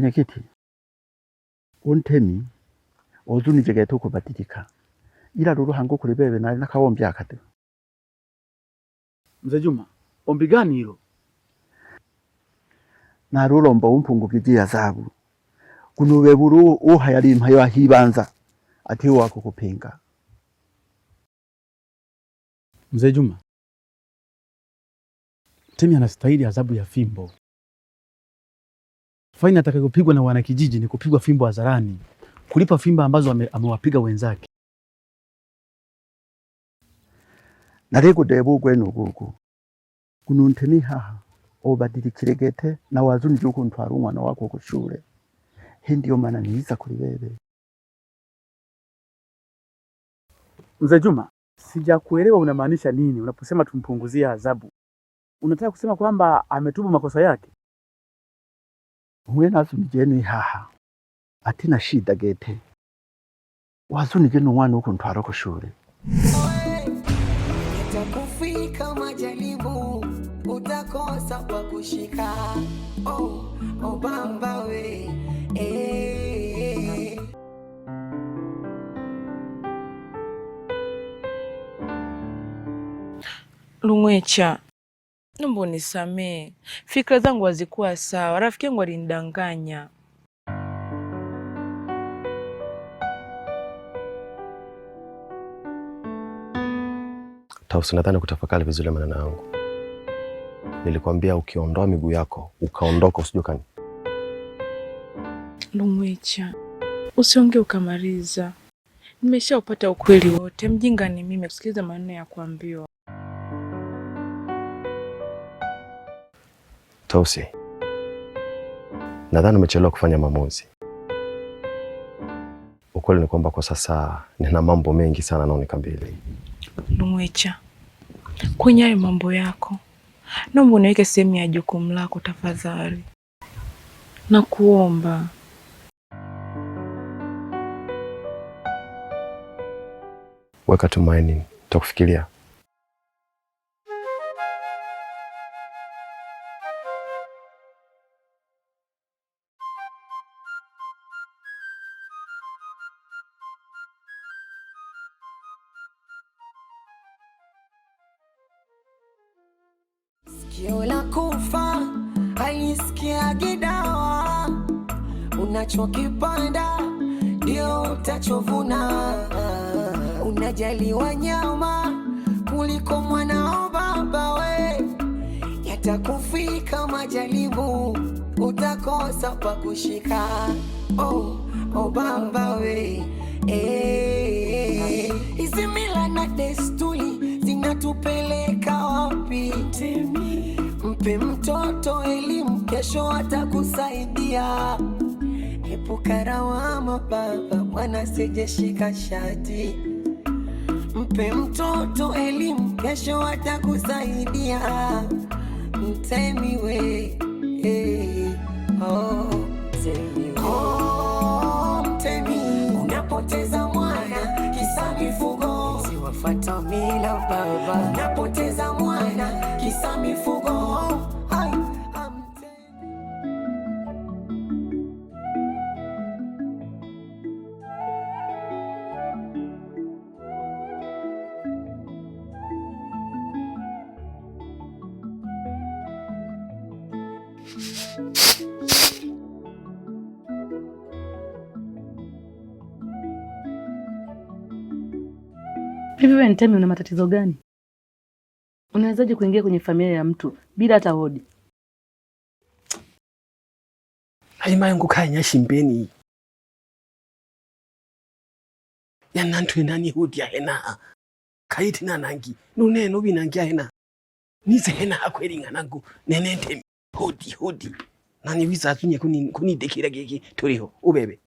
Mwenyekiti, untemi ozunijege tukubadirika ila lulu hangu kuli bebe nali nakawombi akati. Mzee Juma, ombi gani hilo? narulomba umpungukiziya zabu kunube bulu uhaya limha yoahibanza ati wako kupinga Mzee Juma, Temi anastahili adhabu ya fimbo. Faini atakayopigwa na wanakijiji ni kupigwa fimbo hadharani, kulipa fimbo ambazo amewapiga wenzake. nalikudeba ugwenu gugu gununtemi haha obadilikiregete na wazuni juku ntwara umwana wako kushure hindiyo maana niiza kuri wewe Mzee Juma, sijakuelewa unamaanisha nini unaposema tumpunguzie adhabu. Unataka kusema kwamba ametubu makosa yake? Mwenasumije nihaha ati nashida gete wasunike numwana ukuntwara kushure utakufika majalibu utakosa pa kushika oh, obamba we eh. eh, eh. lumwecha Naomba nisamee fikra zangu hazikuwa sawa. Rafiki yangu alinidanganya. Tausi, nadhani kutafakari vizuri maneno yangu. Nilikwambia ukiondoa miguu yako ukaondoka, usije Lumwecha, Lumwicha, usiongee ukamaliza. Nimeshaupata ukweli wote, mjinga ni mimi kusikiliza maneno ya kuambiwa. Tausi, nadhani umechelewa kufanya maamuzi. Ukweli ni kwamba kwa sasa nina mambo mengi sana naonikambili. Lumwecha, kwenye hayo mambo yako naomba uniweke sehemu ya jukumu lako tafadhali, nakuomba. Weka tumaini, takufikiria. ajali wanyama kuliko mwanao baba we, yatakufika majaribu utakosa pa kushika. Oh, oh baba we eh, hizi mila na desturi zinatupeleka wapi? Mpe mtoto elimu, kesho atakusaidia. Epuka lawama baba, mwana sijeshika shati Mpe mtoto elimu, kesho atakusaidia. Mtemi we, hey, eh, oh, mtemi we. Oh, mtemi, unapoteza mwana kisa mifugo, siwafata mila baba, unapoteza mwana kisa mifugo Hivi wewe Ntemi una matatizo gani? Unawezaje kuingia kwenye familia ya mtu bila hata hodi? Halima yangu kanya shimbeni. Yanantu inani hudi ya hena. Kaiti na nangi. Nune nubi nangi ya hena. Nize hena hakweli nganangu. Nene Ntemi. Hodi hodi. Nani wiza atunye kuni kuni dekira geki toriho ubebe.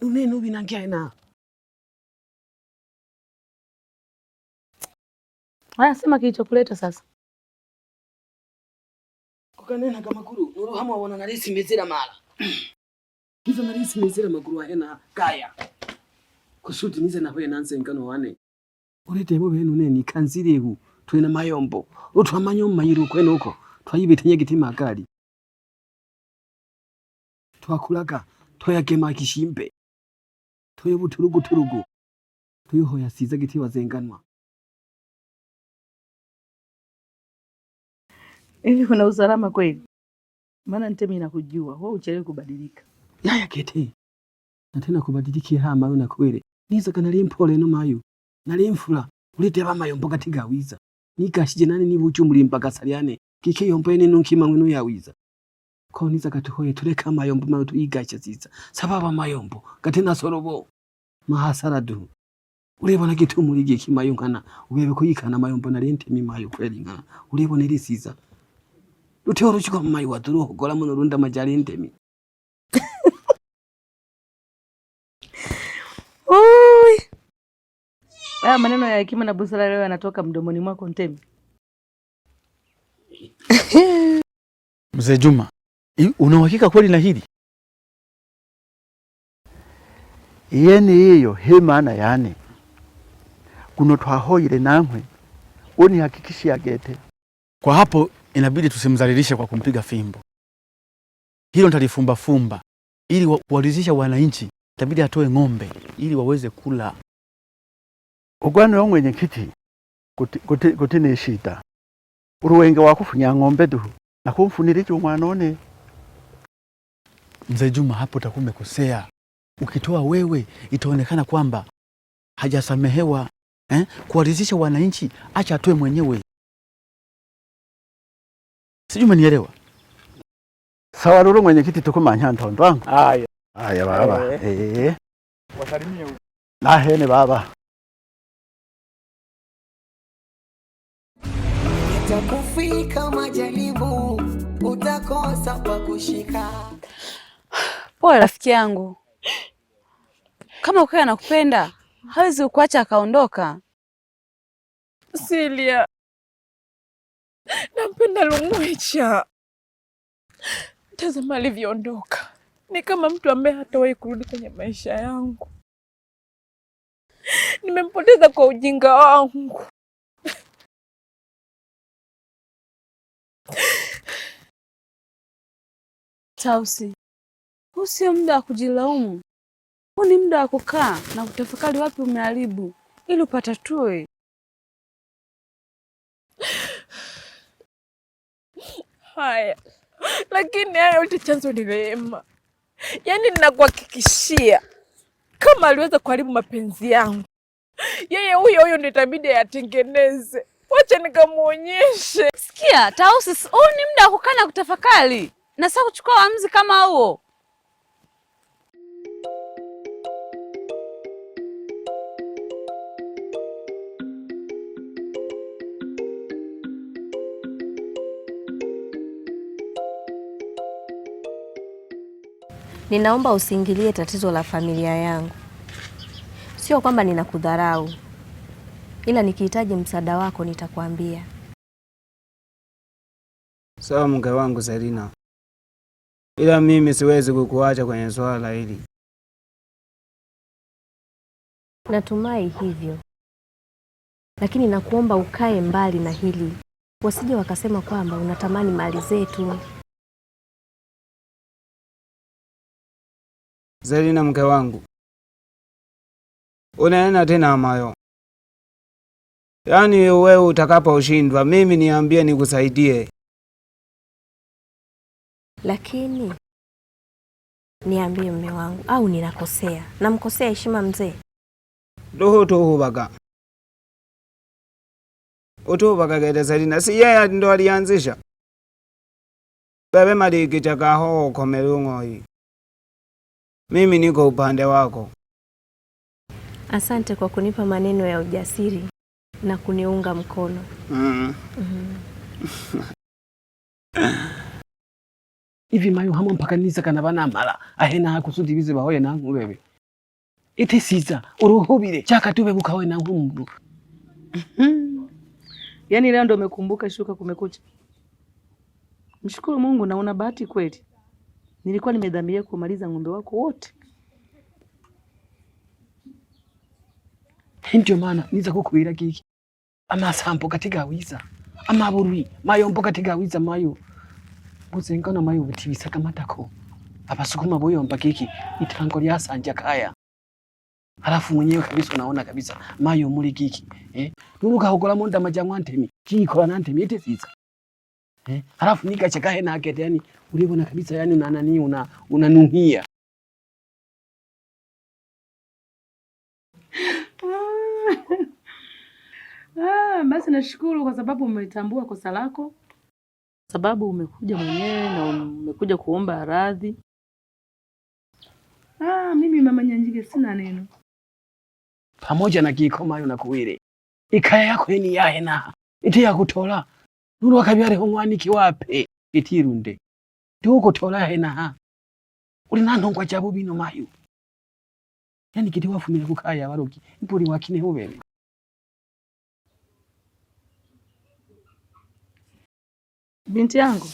Nune nubi nangi ya hena. Haya, sema kilichokuleta sasa. kukanena kama kuru nuruhama wana narisi mezira mara hizo narisi mezira maguru hena kaya kusudi nize huye nanze ngano wane uretemo benu ne ni nikanzirehu twena mayombo utwamanyo mayiru kwenu tuwa kwenuko twayibitenye gitima kali twakulaga toyagema kishimbe toyo buturugu turugu tuyo hoya siza giti zenganwa Hivi yaani kuna usalama kweli? Maana Ntemi nakujua wewe uchelewe kubadilika. Yaya kete. Na tena kubadiliki hama wewe kweli Niza kana limpole no mayu. Na limfula ulete bama yombo katika wiza. Nikashije nani ni buchu mpaka saliane Kike yompo ene nunki mangwenu ya wiza. kwa niza katuhoye tuleka mayombo mayu tuigacha ziza. Sababa mayombo katena sorobo. Mahasara du. na kitu muligi kimayungana. Ubebe uwewe kuhika na na lente mimayo kweli ngana. Ulebona ilisiza luteo luchiko mmayi watu luhogola muno lunda majali ndemi aya maneno ya hekima na busara leo yanatoka mdomoni mwako Ntemi. Mzee Juma, una uhakika kweli na hili? Yeni hiyo hemana yani kuno twahoyile namwe unihakikishia gete kwa hapo inabidi tusimdhalilishe kwa kumpiga fimbo. Hilo fumba ili kuwaridhisha wananchi, itabidi atoe ng'ombe ili waweze kula ugwano wa mwenyekiti ni shida uruwenge wakufunya ng'ombe duhu kumfunira icho mwanone. Mzee Juma, hapo utakuwa umekosea. Ukitoa wewe itaonekana kwamba hajasamehewa eh? Kuwaridhisha wananchi, acha atoe mwenyewe. Sijui umenielewa. Sawa Lulu, mwenyekiti tuko manyanta ndwangu. Haya. Haya baba. Eh, eh, eh. Wasalimie huko. Na hene baba. Utakufika majaribu, utakosa pa kushika. Poa rafiki yangu. Kama ukiwa anakupenda, hawezi kuacha akaondoka. Silia, Nampenda Lumwecha, tazama alivyoondoka. Ni kama mtu ambaye hatawahi kurudi kwenye maisha yangu. Nimempoteza kwa ujinga wangu. Tausi, huu sio muda wa kujilaumu, huu ni muda wa kukaa na kutafakari wapi umeharibu, ili upatatue. haya, lakini haya yote chanzo ni Rehema. Yaani ninakuhakikishia kama aliweza kuharibu mapenzi yangu, yeye huyo huyo ndio itabidi yatengeneze. Wacha nikamwonyeshe. Sikia Tausi, huu ni muda wa kukana kutafakari na sasa kuchukua uamuzi kama huo. Ninaomba usiingilie tatizo la familia yangu. Sio kwamba ninakudharau, ila nikihitaji msaada wako nitakwambia. Sawa mke wangu Selina, ila mimi siwezi kukuacha kwenye swala hili. Natumai hivyo, lakini nakuomba ukae mbali na hili, wasije wakasema kwamba unatamani mali zetu. zelina mke wangu, unaenda tena amayo? Yaani wewe utakapo ushindwa, mimi niambie nikusaidie, lakini niambie mme wangu, au ninakosea? Namkosea heshima mzee? doho baga utuvakagele Zelina, si yeye ndo alianzisha bebe malikichakaho ukomele mimi niko upande wako. Asante kwa kunipa maneno ya ujasiri na kuniunga mkono. Mm. Mm. ivi mayo hamwe mpakanisa kana mara ahena bize bahoye nanku bebe ite siza uruhubire tube bukawe nanku mndu mm-hmm. yaani leo ndo umekumbuka shuka kumekucha mshukuru Mungu na una bahati kweli Nilikuwa nimedhamiria kumaliza ng'ombe wako wote, ndio maana niza kukuira kiki ama sampo katika wiza ama katigawiza mayo mpo katika wiza mayo mayo butibisaga matako abasukuma mpa kiki itango lyasanja kaya halafu mwenyewe kabisa unaona kabisa mayo muli kiki eh? nurukahugolamo majangwa ntemi kiki kwa nantemi itisiza Eh? Halafu nikacheka na akete yani ulivyo na kabisa yani una nani una unanuhia. Ah, basi nashukuru kwa sababu umetambua kosa lako. Sababu umekuja mwenyewe na umekuja kuomba radhi. Ah, mimi mama Nyanjige sina neno. Pamoja na kikoma yo na kuwire. Ikaya yako ni yahe na. Iti ya kutola nuno wakabyaleho mwaniki wape etirunde tiukutola henaha uli nanthongwa jabu bino mayu yani kiti wafumile kukaya waloki mpuri wakine uvema binti yangu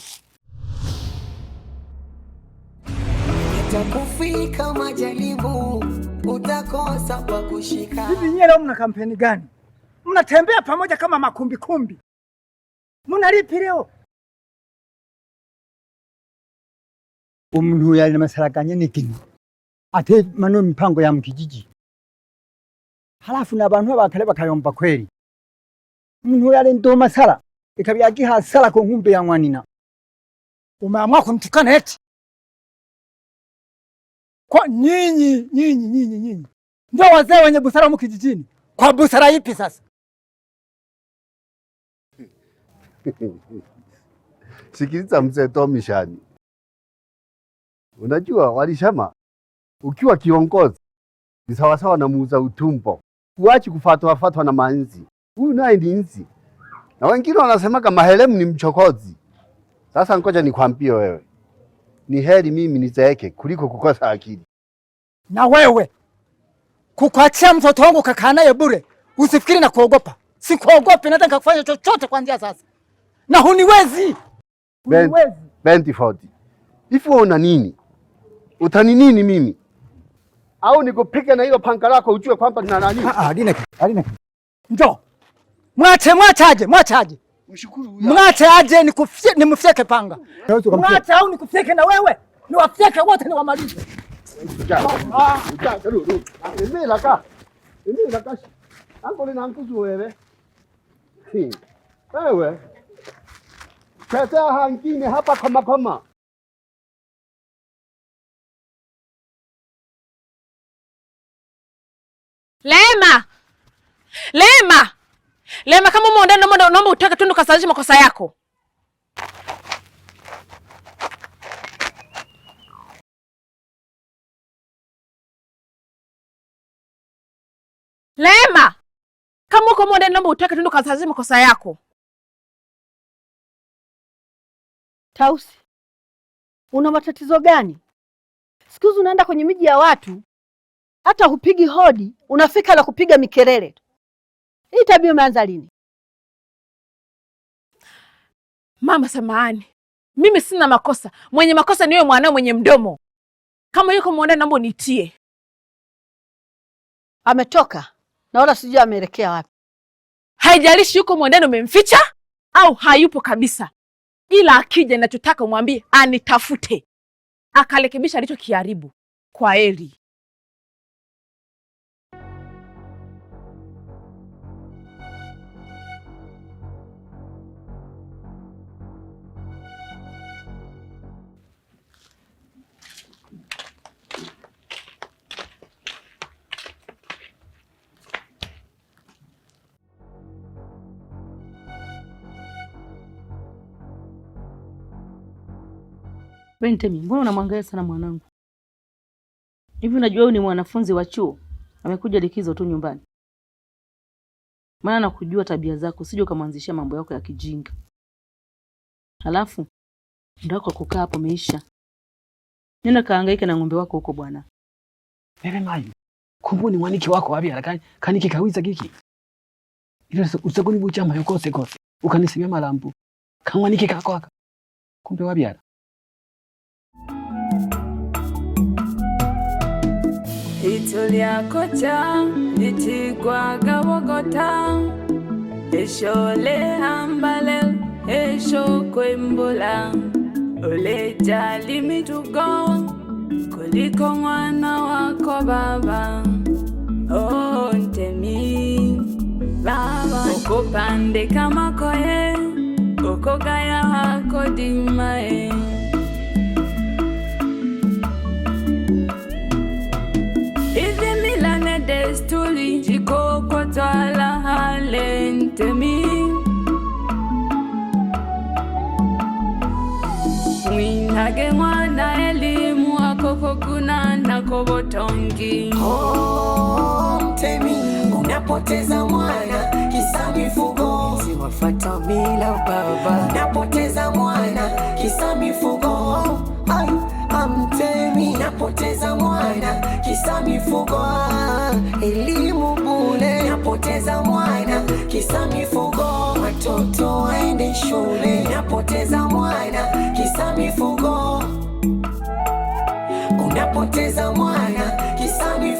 utakufika majaribu, utakosa pa kushika. Hivi nyie leo mna kampeni gani? Mnatembea pamoja kama makumbi kumbi munalipi leo? Umuntu uyu ali na masalaganya nigini ate manu mpango ya mkijiji, halafu na bantu bakale bakayomba kweli. Umuntu uyu ali masara. masala ikabiyagi hasara ku nkumbe ya mwanina. Umeamua kumtukana eti kwa nyinyi nyinyi nyinyi nyinyi ndio wazee wenye busara mkijijini. kwa busara ipi sasa? Sikiliza mzee Tomi Shani, unajua walisema ukiwa kiongozi ni sawasawa na muuza utumbo, uachi kufatwa fatwa na manzi. Huyu naye ni nzi, na wengine wanasema kama helemu ni mchokozi. Sasa ngoja nikwambie wewe, ni heri mimi nizeeke kuliko kukosa akili. Na wewe kukwachia mtoto wangu kakanaye bure, usifikiri na kuogopa. Sikuogopi, naweza nikakufanya chochote kuanzia sasa na huniwezi. Huniwezi. Bentiford. Hivi wewe una nini? Utani nini mimi? Au nikupike na hilo panga lako ujue kwamba nina nani? Ah, halina ah, kitu. Halina kitu. Njoo. Mwache mwache aje, mwache aje. Mshukuru huyo. Mwache aje nikufie nimfyeke panga. Mwache au nikufyeke na wewe? Niwafyeke wote niwamalize. Ah, mimi laka. Mimi laka. Ango lina wewe. Si. Wewe pesa hangine hapa kama kama Lema, Lema, Lema, kama umeondoka naomba naomba utoke tundu kasalishe makosa yako. Lema, kama uko umeondoka naomba utoke tundu kasalishe makosa yako. Tausi, una matatizo gani? Siku hizi unaenda kwenye miji ya watu, hata hupigi hodi, unafika la kupiga mikelele tu. Hii tabia imeanza lini? Mama samahani, mimi sina makosa. Mwenye makosa niwe mwanao mwenye mdomo. Kama yuko mwandani, naomba nitie. Ametoka na wala sijui ameelekea wapi. Haijalishi yuko mwandani, umemficha au hayupo kabisa, ila akija, ninachotaka umwambie anitafute akarekebisha alichokiharibu. Kwa heri. Wewe yaani nitemi, mbona unamwangalia sana mwanangu? Hivi unajua ni mwanafunzi wa chuo amekuja likizo tu nyumbani? Maana nakujua tabia zako, sije ukamwanzishia mambo yako ya kijinga. Halafu ndio wako kukaa hapo meisha. Nenda kahangaika na ng'ombe wako huko bwana. Bebe maji. ni mwaniki wako wapi harakani? Kaniki kawiza kiki. Ile usakuni bucha mayo kose. kose, Ukanisimia malambu. Kamwaniki kako aka. Kumbe wapi hara? solyakoca licigwaga gawogota esho lehambale esho kwembula oleja limitugo kuliko mwana wako baba oh, ntemi baba okupandika makoye okogaya hako dimae Twala halentemi mwinage mwana elimu akokokuna nakobotongi oh, mtemi unapoteza mwana kisa mifugo siwafata bila baba unapoteza mwana kisa mifugo amtemi unapoteza mwana kisa mifugo elimu napoteza mwana kisa mifugo, watoto waende shule. Napoteza mwana kisa mifugo, unapoteza mwana kisa